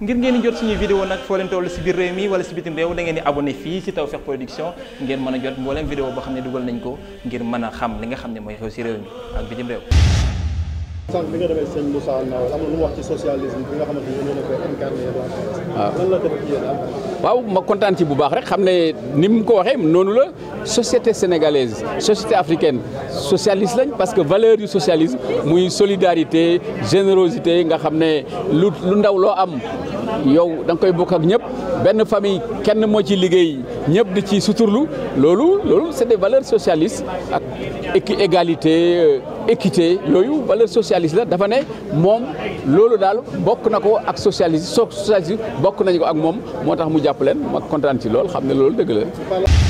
ngir ngeen di jot suñu vidéo nag foo leen toll si biir réew mi wala si bitim réew da di abonné fii si Tawfekh Production ngeen mën a jot mbooleem vidéo boo xam ne dugal nañ ko ngir mën a xam li nga xam ne mooy xew si réew mi ak bitim réew sànq bi nga demee na lu mu wax ci socialisme bi nga ah. ah? waaw ma kontaan ci bu baax rek xam ne ni mu ko waxee noonu la société sénégalaise société africaine socialiste lañ parce que valeur yu socialisme muy solidarité générosité nga xam ne lu lu ndaw loo am yow danga koy bokk ak ñëpp benn famille kenn moo ci liggéey ñëpp di ci suturlu loolu loolu c'est des valeurs socialistes ak équi égalité euh, équité yooyu valeur socialiste la dafa ne moom loolu daal bokk na ko ak socialiste soo socialiste bokk nañu ko ak moom moo tax mu jàpp leen ma kontaan ci lool xam ne loolu dëgg la.